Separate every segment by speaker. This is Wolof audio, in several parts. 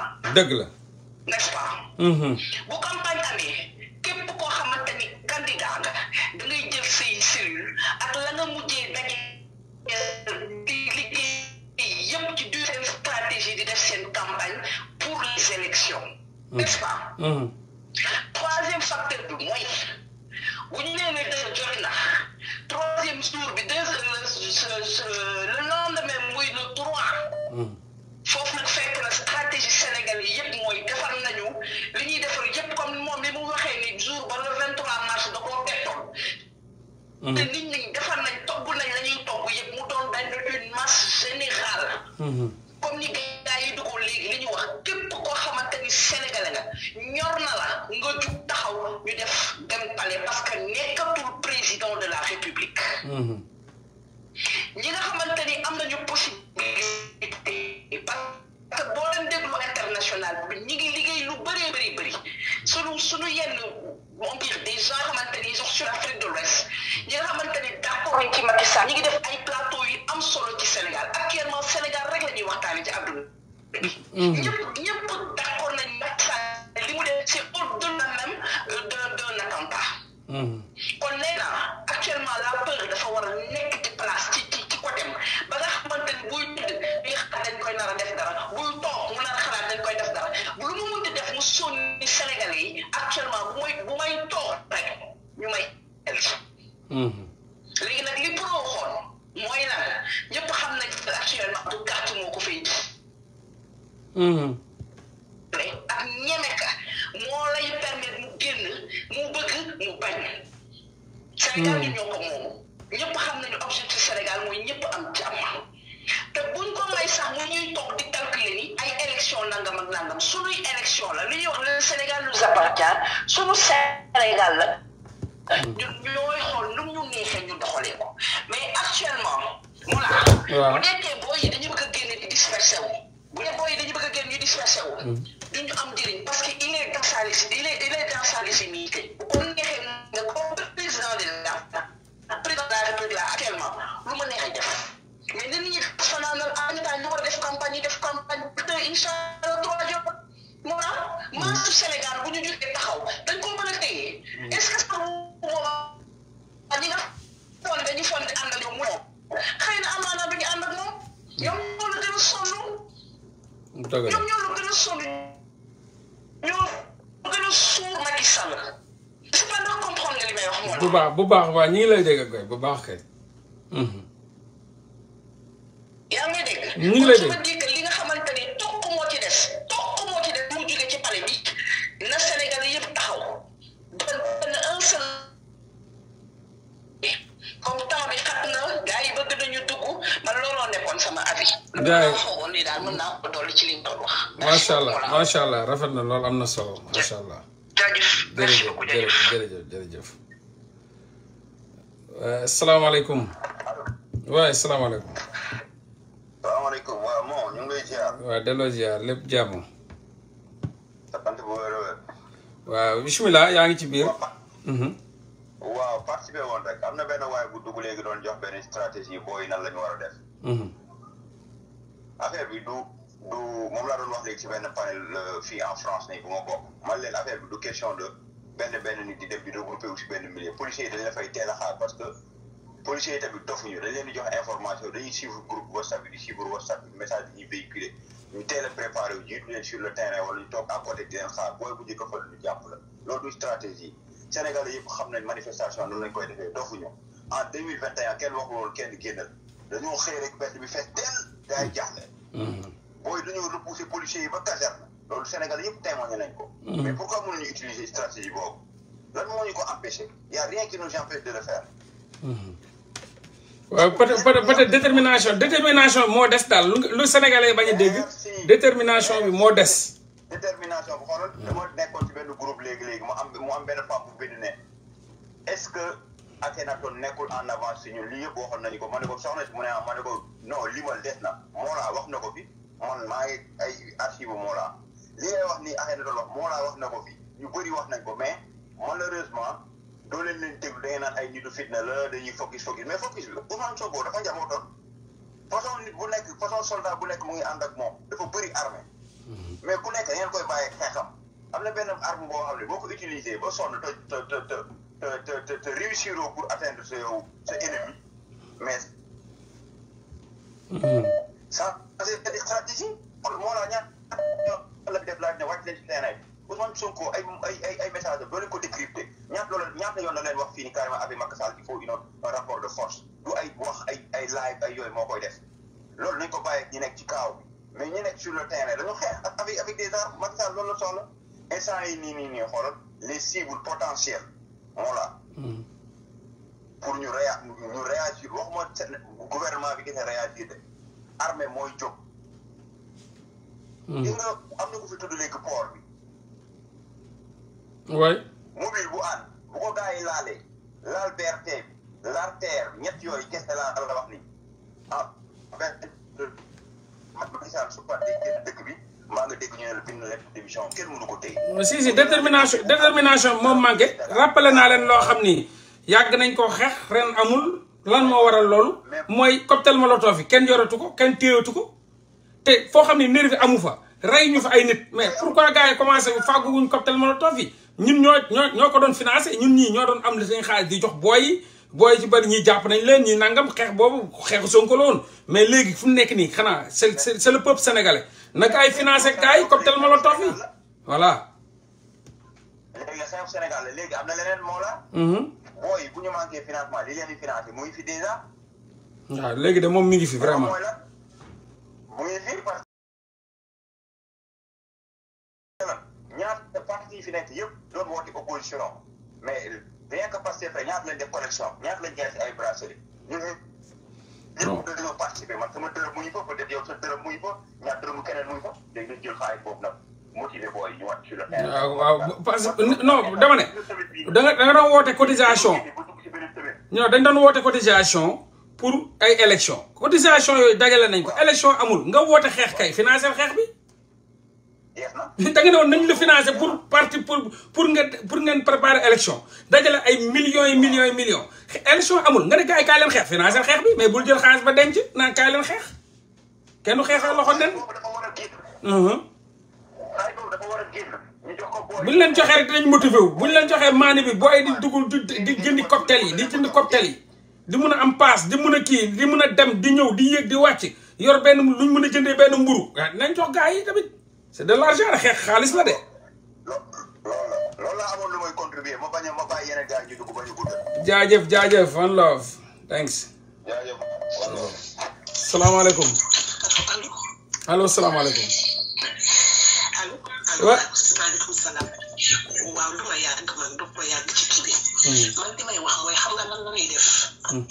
Speaker 1: la. dëgg la. n'est-ce pas.
Speaker 2: Mhm. bu
Speaker 1: campagne amee képp koo xamante ni candidat nga da ngay jël say cellule ak la nga mujjee daje liggéey yëpp ci du seen stratégie di def seen campagne pour les élections. Mhm. n'est-ce pas. Mhm. troisième facteur bi mooy bu ñu nee ne dara jot na troisième jour bi deux le lendemain muy le trois. Mm-hmm. te nit ñi defar nañ togg nañ la ñuy togg yëpp mu doon benn une masse générale. Mm-hmm. comme yi dugg léegi li ñu wax képp koo xamante ni sénégalais nga ñor la nga jug taxaw ñu def dem palais parce que nekkatul président de la république. Mm-hmm. ñi nga xamante ni am nañu possibilité. suñu yenn euh, on dirait des gens xamante ni genre sur l'Afrique de l'Ouest ñi nga xamante ni d'accord ci Macky Sall ñi ngi def ay plateau yu am solo ci Sénégal actuellement Sénégal rek la ñuy waxtaane ci àdduna bi. Mm. actuellement bu may bu toog rek may mhm. léegi nag li pro xool mooy lan ñëpp xam nañ actuellement bu gàtt
Speaker 2: moo ko fay ji mhm. ak ñemeka
Speaker 1: moo lay permettre mu génn mu bëgg mu bañ Sénégal mhm. ñu ñoo ko moomu ñëpp xam nañu objectif Sénégal mooy ñëpp am jàmm te lay sax ñu ñuy toog di calculer ni ay élection nangam ak nangam suñuy la li ñuy wax le Sénégal nous appartient suñu Sénégal la ñun ñooy xool lu ñu neexee ñu doxalee ko mais actuellement mu laa bu nekkee boo yi dañu bëgg a génne di dispersé wu bu bëgg a génne ñu dispersé wu hmm. duñu parce que il est dans sa il est il est dans sa légitimité président actuellement lu ma neexee def incha allah trois jours maanaam maasu Sénégal bu ñu jógee taxaw dañ koo mën a téye. Mm. est-ce que sax moom ñi nga fonde dañu fonde ànd ak ñoom mu xëy na amaana bi ñu ànd ak moom. ñoom ñoo la gën a sonn. ñoom ñoo la gën a sonn
Speaker 2: ñoo gën a suur Macky Sall. c'est pas ndax comprendre nga li may wax. bu baax bu baax waa ñi ngi lay dégg koy bu baax kay. Mhm. yaa ngi lay dégg. ñu ngi lay dégg.
Speaker 1: gars yi foogoon ni daal mën naa ko dolli ci liñ doon wax.
Speaker 2: macha allah macha allah rafet na lool am na solo macha allah. jaajëf merci beaucoup jërëjëf jërëjëf jërëjëf. Euh, salaamaaleykum. waaye salaamaaleykum. salaamaaleykum waaw moom ñu ngi lay ziar. waaw delloo ziar lépp jàmm. waaw bisimilah yaa ngi ci biir. Mhm. waaw participer woon rek am na benn waay bu dugg léegi doon jox benn stratégie booy nan la ñu war a def. Mhm. affaire
Speaker 3: bi du du moom laa doon wax léegi ci benn panel euh, fii en France nii bu ma bokk man bi du question de benn benn nit di dem di regroupé wu ci benn milieu policiers dañ la fay xaar parce que policiers yi tamit dofuñu dañ leen di jox information dañuy suivre groupe WhatsApp bi di suivre WhatsApp message bi ñuy véhiculé ñu teel préparé wu jiitu leen sur le terrain wala ñu toog à côté di leen xaar booy bu njëkk a fal jàpp la loolu du stratégie nañ manifestation noonu lañ koy defee dofuñu en deux mille vingt et un kenn day mm-hmm. jaaxle. Mm-hmm. booy
Speaker 2: dañoo repousser policiers yi ba caserne. loolu Sénégal yëpp témoigné nañ ko. Mm-hmm. mais
Speaker 3: pourquoi mënuñu utiliser stratégie boobu. lan moo ñu ko empêché y a rien qui nous empêche de le faire.
Speaker 2: waaw peut être peut être bi moo des daal lu Sénégalais bañ a dégg. détermination bi moo des.
Speaker 3: détermination bu xoolal dama nekkoon ci benn groupe léegi léegi mu am mu am benn femme bu bind ne est ce que. Akhenaton nekkul en avance si ñun lii yëpp waxoon nañu ko ma ne ko soxna si mu ne ah ma ne ko non li ma des na Mollah wax na ko fi man maa ngi ay archive Mollah li ngay wax nii Akhenaton wax Mollah wax na ko fi ñu bëri wax nañ ko mais malheureusement doo leen leen déglu da ay nitu fitna la dañuy focus focus mais focus bi Ousmane Sonko dafa njabootoon façon nit bu nekk façon bu nekk mu ngi ànd ak moom dafa bëri armée mais ku nekk da koy bàyyi xeexam am na benn arme boo xam ne boo ko utilisé ba sonn te te te. te te te réussir pour atteindre sa yow sa ennemi mais. Mm-hmm. sans stratégie moo la ñaan la def laaj ne wàcc leen ci terrain bi Ousmane Sonko ay ay ay message doo leen ko décrypter ñaata loolu ñaata yoon na leen wax fii ni carrément avec Macky Sall il faut une un rapport de force du ay wax ay ay live ay yooyu moo koy def loolu nañ ko bàyyi ñi nekk ci kaaw bi mais ñi nekk sur le terrain dañu xeex avec avec des armes Macky Sall loolu la soxla instant yi nii nii nii xoolal les cibles potentielles voilà. Hmm. pour ñu réa ñu réagir waxuma seen gouvernement bi kese réagir de armée mooy jóg. Hmm. gis nga am na ku fi tudd léegi port bi. waay. mobile bu ànd bu ko gars yi laalee laal bi laal ñett yooyu kese laa la wax nii ah. dégg ñu la bind leen division ko
Speaker 2: téye. si si détermination détermination bi moom manqué rappelé naa leen loo xam ni yàgg nañ koo xeex ren amul lan moo waral loolu. mooy cocktail molotov yi kenn yoratu ko kenn téyatu ko te foo xam ne fi amu fa rey ñu fa ay nit mais pourquoi gaa yi commencé fàggu wuñ cocktail molotov yi ñun ñoo ñoo ñoo ko doon financé ñun ñii ñoo doon am li seen xaalis di jox booy yi. booy ci bëri ñi jàpp nañ leen ñi nangam xeex boobu xeexu Sonko la mais léegi fu mu nekk nii xanaa c'est c'est le peuple sénégalais naka ay financé kaay cocktail molotov yi voilà.
Speaker 3: léegi xew Sénégal léegi am na leneen moo la. Mhm. booy bu ñu manqué financement li leen di financé mu ngi fi déjà.
Speaker 2: waaw léegi de moom mi ngi fi vraiment.
Speaker 3: mu ngi fi parce que parti fi nekk yëpp doon woote opposition mais rien que parce que ñaata lañ def collection ñaata lañ
Speaker 2: jëlee si ay brasserie. ñëpp dañoo participer man sama dërëm muy fa peut-être yow sa dërëm muy fa ñaar dërëmu keneen muy fa léegi nga jël xaalis boobu nag motivé booy ñu wàcc sur le terrain. waaw ah, ah, waaw ah, parce que non dama ne. da nga da nga doon woote cotisation. non dañ doon woote cotisation pour ay élection cotisation yooyu dagale nañ ko élection amul nga woote xeex kay financé xeex bi. da nga ne woon nañ la financé pour parti pour pour ngeen pour ngeen préparer élection dajale ay millions yi millions yi millions. élection amul nga ne gars yi kaay leen xeex financé xeex bi mais bul jël xaalis ba denc naan kaay leen xeex kenn du a loxo nen. Uh-huh. buñ leen joxee rek dinañ motivé wu buñ leen joxee maani bi booy di dugul di jëndi cocktail yi di jëndi cocktail yi di mun a am paas di mun a kii di mun a dem di ñëw di yéeg di wàcc yor benn luñ mun a jëndee benn mburu waaw dinañ jox gars yi tamit c'est de l'argent xeex xaalis la de. loolu laa amoon lu may contribuer ma bañ a ma bàyyi yeneen gars yi ñu dugg ba ñu gudd. jaajëf jaajëf one love thanks. jaajëf one love. salaamaaleykum. allo salaamaaleykum. allo. allo maaleykum salaam. waaw lu
Speaker 4: ma yàgg man du ma yàgg ci kii bi. Hmm. man li may wax mooy xam nga lan la ñuy def. Hmm.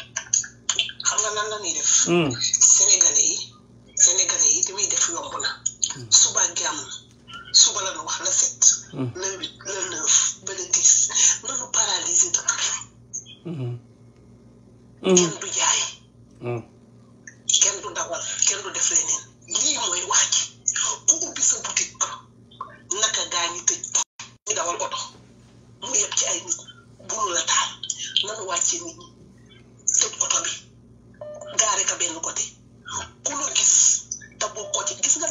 Speaker 4: xam nga lan la ñuy def. Hmm. Sénégalais yi Sénégalais yi li muy def yomb na. suba jàmm. suba la ñu wax le sept. Hmm. le huit le neuf ba le dix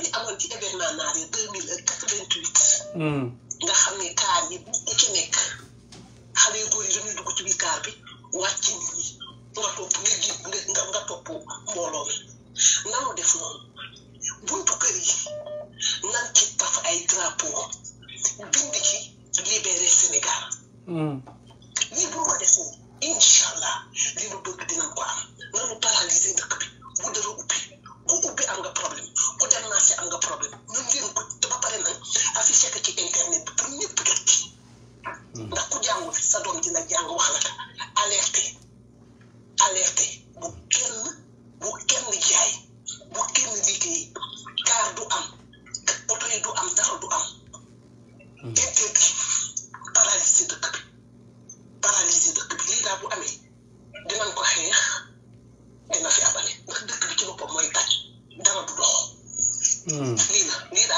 Speaker 4: li amoon ci événement naar yi deux mille quatre-vingt-huit hmm. nga xam ne kaar yi bu ci nekk xale yu góor yi dañuy ci biir kaar bi wàcc nit ñi nga topp nga ji nga topp mbooloo mi nanu buntu kër yi nan taf ay trapo bind ci Sénégal hmm. lii bu ko defee incha allah li bëgg dinañ ko am nanu paralysé dëkk bi bu dara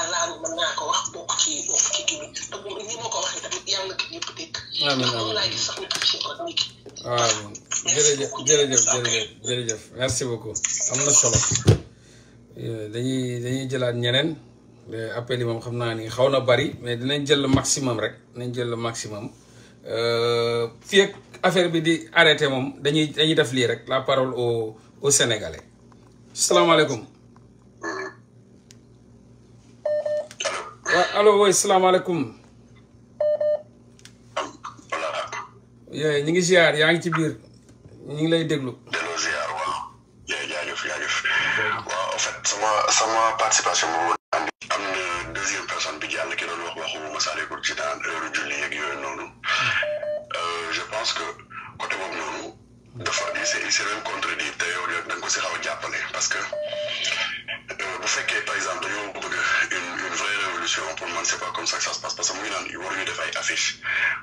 Speaker 4: laa laaru mën naa ko wax bokk ci bokk ci kii bi te bu ñu ma ko waxee tamit yàlla na ko ñëpp dégg. amiin amiin laa gis sax ni kii
Speaker 2: quoi nii kii. waaw jërëjëf jërëjëf jërëjëf jërëjëf merci beaucoup am na solo euh, dañuy dañuy jëlaat ñeneen appel yi moom xam naa ni xaw na bari mais dinañ jël le maximum rek dinañ jël le maximum euh, fii ak affaire bi di arrêté moom dañuy dañuy def lii rek la parole au au sénégalais salaamaaleykum. Ah, allo woy salaamaaleykum yooyu ñu ngi ziar yaa ngi ci biir ñu ngi lay déglu delloo ziar wala
Speaker 5: jaajëf jaajëf waaw en fait sama sama participation moom andi am na personne bi jàll ki doon wax waxu Massalikul Jinaan heure julli yeeg yooyu noonu euh, je pense que côté boobu noonu dafa il s'est il s'est même contredit te yow da ko si xaw jàppale parce que comme que ça se passe parce que mu ngi naan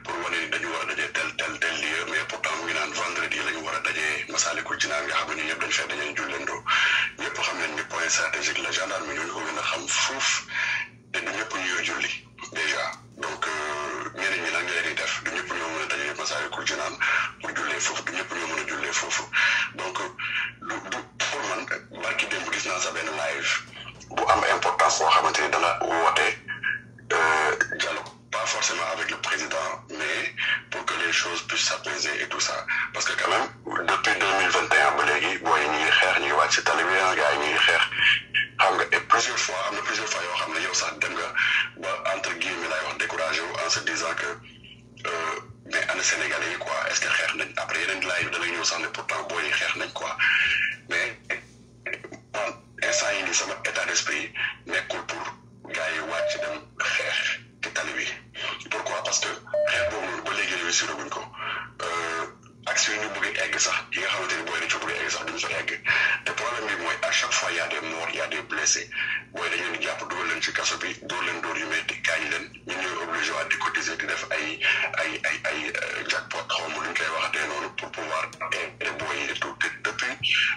Speaker 5: pour wane ni dañu war a dajee tel tel tel lieu mais pourtant mu ngi naan vendredi la ñu war a dajee Massalikul Jinaan nga xam ne ñëpp dañ fekk dañuy julleendoo ñëpp xam ne ni point stratégique la gendarme ñooñu ko gën a plusieurs fois xam ne yow sax dem nga ba entre guillemets laay wax découragé wu en se disant que euh, mais ana Sénégalais yi quoi est-ce que xeex nañ après yeneen live danañ ñëw sax ne pourtant booy yi xeex nañ quoi mais man instant yi nii sama état d'esprit nekkul pour gars yi wàcc dem xeex ci tali bi pourquoi parce que xeex boobu noonu ba léegi si guñ ko euh, action yi ñu bëgg egg sax yi nga xamante ni booy yi dañ fa egg sax duñ fa egg te problème bi mooy à chaque fois y a des morts mooy dañu leen jàpp dugal leen ci kaso bi dóor leen dóor yu metti gaañ leen ñu ñooy obligé waat di cotiser di def ay ay ay ay euh, jackpot xaw ma luñ koy waxatee noonu pour pouvoir aider booy yi tout depuis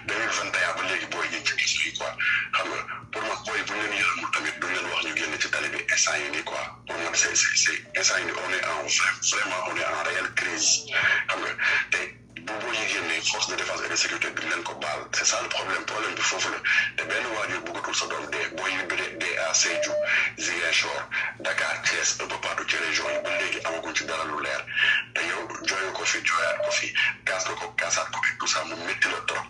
Speaker 5: deux mille vingt et booy yi ci kaso xam nga pour ma booy bu ñu leen yërëmul tamit duñ leen wax ñu génn ci tali bi instant yi nii quoi pour man c'est c'est instant yi nii on en vraiment on en réelle crise xam nga bu boo ñu génnee de défense et de sécurité bi leen ko baal c' est ça le problème problème bi foofu la te benn waajur bëggatul sa doom dee boo ñu dee dee à Sédhiou Ziguinchor Dakar Thiès un peu partout ci région yi ba léegi amaguñ ci dara lu leer te yow jooy ko fi jooyaat ko fi kaas nga ko kaasaat ko fi tout ça mu métti la trop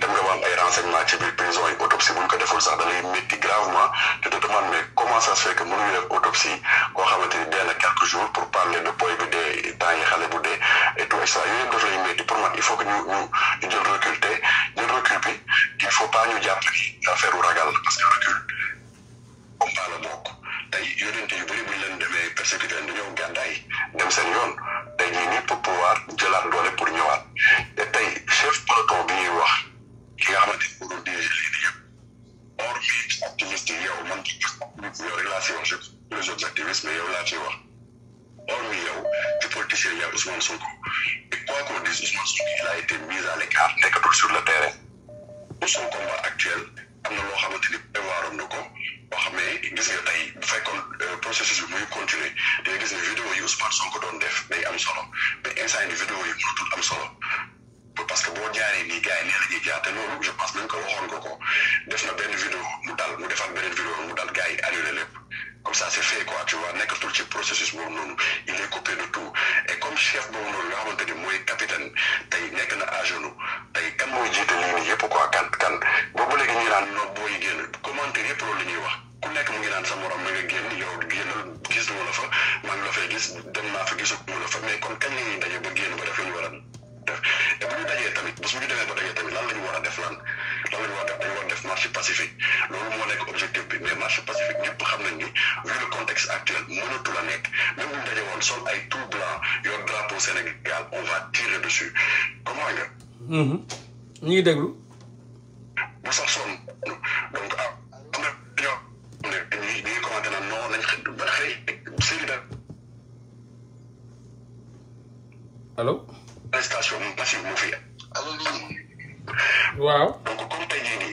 Speaker 5: dem nga ba am ay renseignements ci biir prison yi autopsie bu ñu ko deful sax da lay métti gravement te te demande comment ça se fait koo xamante ni dee na quelques jours pour parler de xale bu dee et tout et ça yooyu yëpp daf lay métti pour man il faut que ñu ñu ñu jël recul te jël recul bi il faut pas ñu jàpp affaire u ragal parce que recul comme pas la bokk tey yonente yu bëri bu ñu leen demee persécuté dañoo gàddaay dem seen pouvoir jëlaat doole pour ñëwaat. nit yow rek laa ci wax les autres activistes mais yow laa ciy wax hormis yow ci politicien yaa Ousmane Sonko et quoi qu'on dise Ousmane Sonko il a été mis à l'écart nekkatul sur le terrain pour son combat actuel am na loo xamante ni prévoiroon na ko boo xam ne gis nga tey bu fekkoon euh, processus bi muy continuer da gis ne vidéo yi Ousmane Sonko doon def day am solo mais instant yi vidéo yi am solo parce que boo jaaree nii gars yi nee jaar te loolu je pense nañ ko waxoon ko ko def na benn vidéo mu dal mu defaat beneen vidéo mu dal gars yi annulé lépp comme ça c'est fait quoi tu vois nekkatul ci processus nekk na à genoux tey kan mooy jiite lii nii yëpp quoi kan kan boobu léegi ñu naan non booy génn loolu la ñuy wax ku nekk mu ngi naan sa morom na nga génn yow génnal gis lu ma la fa maa ngi la fay gis dem naa fa gisu ma la fa mais kon kañ la ñuy daje ba génn ba def lu ñu bés bu ñu demee ba daje tamit lan la ñu war a def lan lan la ñu war a def dañu war def marche pacifique loolu moo nekk objectif bi mais marche pacifique ñëpp xam nañ ni vu le contexte actuel mënatu la nekk même bu ñu daje sol ay tout blanc yor drapeau Sénégal on va tirer dessus comment nga.
Speaker 2: Mhm. ñu ngi déglu.
Speaker 5: bu sax sonn donc ah am na ñoo xam ne dañuy dañuy commenté naan non nañ
Speaker 4: waaw